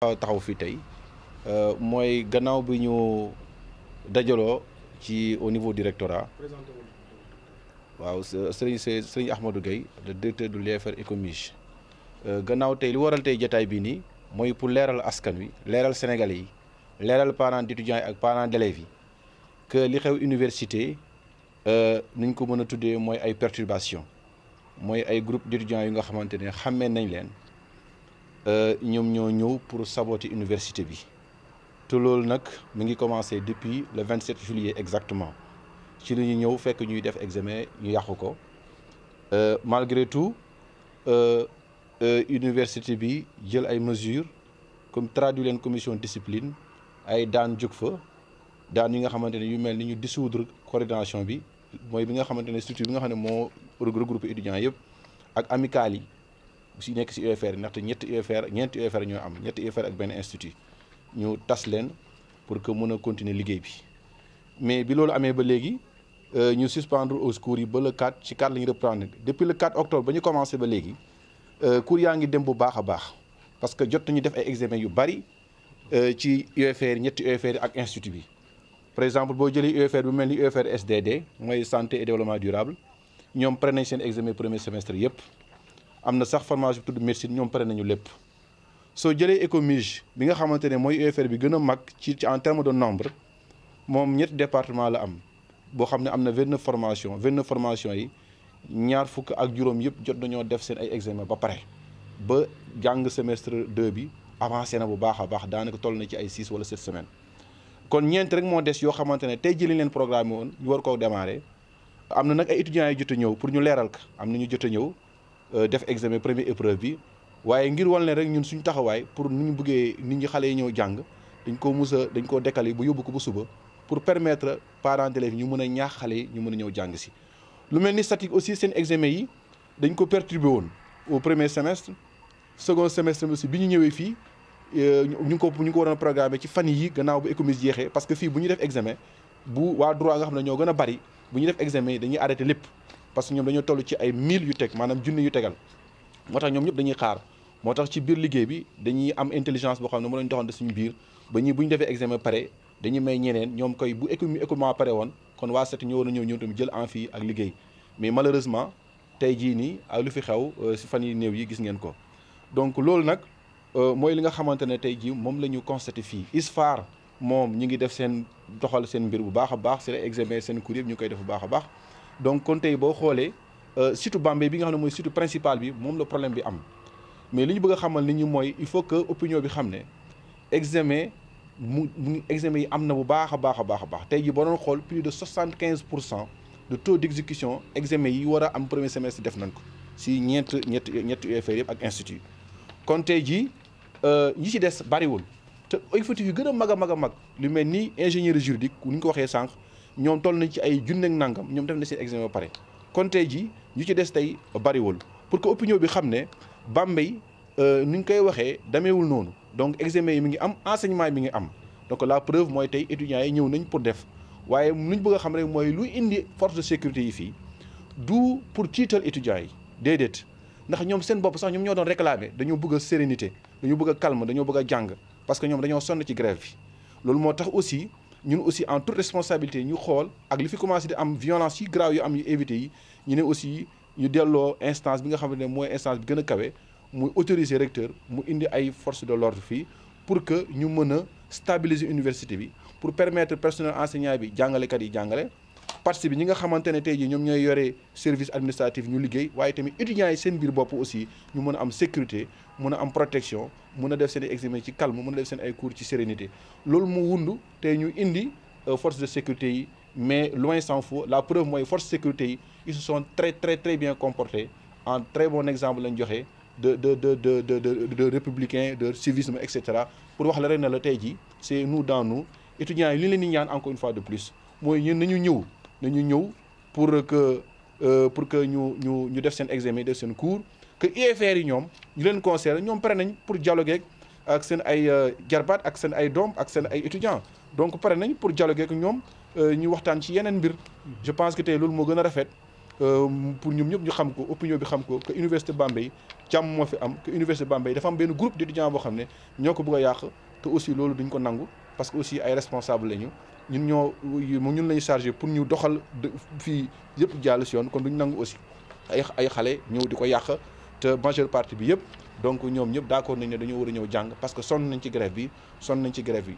taxaw fii tey euh, mooy gannaaw bi ñu dajaloo ci au niveau du rectorat waaw sëriñ sëriñ Ahmadou Gueye le directeur du l'UFR Ecomige euh, gannaaw tey li waral tey jataay bii nii mooy pour leeral askan wi leeral sénégal yi leeral parents d'étudiants yi ak parents d'élèves yi que li xew université euh, nuñ ko mën a tuddee mooy ay perturbation mooy ay groupe d'étudiants yu nga xamante ne xàmmee nañ leen Euh, ñoom ñoo ñëw pour saboter université bi te loolu nag mi ngi commencé depuis le 27 juillet exactement ci la ñu ñëw fekk ñuy def examen ñu yàqu ko euh, malgré tout euh, université bi jël ay mesures comme traduit leen commission discipline ay daan jóg fa daan yi nga xamante ne yu mel ni ñu dissoudre coordination bi mooy bi nga xamante ne structure bi nga xam ne moo regroupé étudiants yëpp ak amicales si nekk si UFR yi ndaxte ñetti UFR ñeenti UFR ñoo am ñetti UFR ak benn institut ñu tas leen pour que mën a continuer liggéey bi mais bi loolu amee ba léegi euh, ñu suspendre aux cours yi ba le 4 ci 4 la ñu reprendre depuis le 4 octobre ba ñu commencé ba léegi euh, cours yaa ngi dem bu baax a baax parce que jot nañu def ay examen yu bari euh, ci UFR ñetti UFR ak institut bi par exemple boo jëlee UFR bu mel ni UFR SDD mooy santé et développement durable ñoom prennañ seen examen premier semestre yëpp. am na sax formation bi tudd médecine ñoom pare nañu lépp soo jëlee ECOMIG bi nga xamante ne mooy UFR bi gën a mag ci en terme de nombre moom ñetti département la am boo xam ne am na venn formation vingt neuf formation yi ñaar fukk ak juróom yëpp jot nañoo def seen ay examen ba pare ba jàng semestre deux bi avancé na bu baax a baax daanaka toll na ci ay six wala sept semaines kon ñeent rek moo des yoo xamante ne tey jii lañ leen programme woon ñu war koo démarrer am na nag ay étudiants yu jot a ñëw pour ñu leeral am na ñu jot a ñëw Euh, def examen première épreuve bi waaye ngir wan leen rek ñun suñu taxawaay pour nu ñu bëggee nit ñi xale yi ñëw jàng dañ ko mus a dañ koo décaler bu yóbbu ko ba suba pour permettre parents d'élèves ñu mën a ñaax xale yi ñu mën a ñëw jàng si. lu mel ni statique aussi seen examen yi dañ ko perturbé woon au premier semestre second semestre aussi bi ñu ñëwee fii euh, ñu ngi ko ñu ngi ko waroon programmer ci fan yi gannaaw bu économie jeexee parce que fii bu ñu def examen waa droit nga ñoo gën a bari bu ñu def examen yi dañuy arrêté lépp. parce que ñoom dañoo toll ci ay mille yu teg maanaam junni yu tegal moo tax ñoom ñëpp dañuy xaar moo tax ci biir liggéey bi dañuy am intelligence boo xam ne mën nañu doxante suñu biir ba ñi bu ñu defee examen pare dañuy may ñeneen ñoom koy bu écoulement pare woon kon waa set ñoo war a ñëw ñoom tamit jël en fii ak liggéey mais malheureusement tey jii nii ak lu fi xew euh, si fan yi néew yi gis ngeen ko donc loolu nag euh, mooy li nga xamante ne tey jii moom la ñu constaté fii ISFAR moom ñu ngi def seen doxal seen mbir bu baax a baax seen examen seen cours yëpp ñu koy def bu baax a baax donc kon tey boo xoolee euh, surtout Bambey bi nga xam ne mooy surtout principal bi moom la problème bi am mais li ñu bëgg a xamal ni ñi mooy il faut que opinion bi xam ne examen mu mu examen yi am na bu baax a baax a baax a baax tey jii boo doon xool plus de 75 pour cent de taux d' exécution examen yi war a am premier semestre def nañ ko si ñeent ñett ñett UFR yëpp ak institut kon tey jii euh, ñi si des bariwul te ay fati gën a mag a mag a mag lu mel ni ingénieur juridique ni ñu ko waxee sànq ñoom toll nañ ci ay junneeg nangam ñoom def na seen examen ba pare kon tey jii ñu ci des tey bariwul pour que ñëw bi xam ne Bambey euh, ni ñu koy waxee demeewul noonu donc examen yi mi ngi am enseignement yi mi ngi am donc la preuve mooy tey étudiants yi ñëw nañ pour def waaye lu ñu bëgg a xam rek mooy luy indi force de sécurité yi fii du pour tiital étudiants yi déedéet ndax ñoom seen bopp sax ñoom ñoo doon réclamer dañoo bëgg a sérénité dañoo bëgg a dañoo bëgg a parce que ñoom dañoo sonn ci grève bi loolu moo tax aussi. ñun aussi en toute responsabilité ñu xool ak li fi commencé di am violence yi grave yu am yu éviter yi ñu ne aussi ñu delloo instance bi nga xam ne mooy instance bi gën a kawe mu autoriser recteur mu indi ay force de l'ordre fii pour que ñu mën a stabiliser université bi pour permettre personnel enseignant bi jàngalekat yi jàngale partie bi ñi nga xamante ne tey ji ñoom ñooy yore service administratif ñu liggéey waaye tamit étudiants yi seen biir bopp aussi ñu mën a am sécurité mën a am protection mën a def seen examen ci calme mën a def seen ay cours ci sérénité loolu mu wund te ñu indi euh, force de sécurité yi mais loin s'en faut la preuve mooy force sécurité yi ils se sont très très très bien comporté en très bon exemple lañ joxe de de de de de de de républicain de civisme pour wax la rek ne la tey jii c'est nous dans nous étudiants yi li leen di ñaan encore fois de plus mooy ñun nañu ñëw. nañu ñëw pour que euh, pour que ñu ñu ñu def seen examen def seen cours que UFR yi ñoom ñu leen conseillé ñoom pare nañ pour dialoguer ak seen ay euh, jarbaat ak seen ay doom ak seen ay étudiants donc pare nañ pour dialoguer ak ñoom euh, ñu waxtaan ci yeneen mbir. je pense que tey loolu moo gën a rafet pour ñoom ñëpp ñu xam ko opinion bi xam ko que université Bambey jàmm moo fi am que université Bambey dafa am benn groupe d'étudiants boo xam ne ñoo ko bëgg a yàq te aussi loolu duñ ko nangu. parce que aussi ay responsable lañu ñun ñoo ñun lañu chargé pour ñu doxal fii yëpp jàll si yoon kon duñu nangu aussi ay ay xale ñëw di ko yàq te majeure partie bi yëpp donc ñoom ñëpp d'accord nañ ne dañoo war a ñëw jàng parce que sonn nañ ci grève bi sonn nañ ci grève bi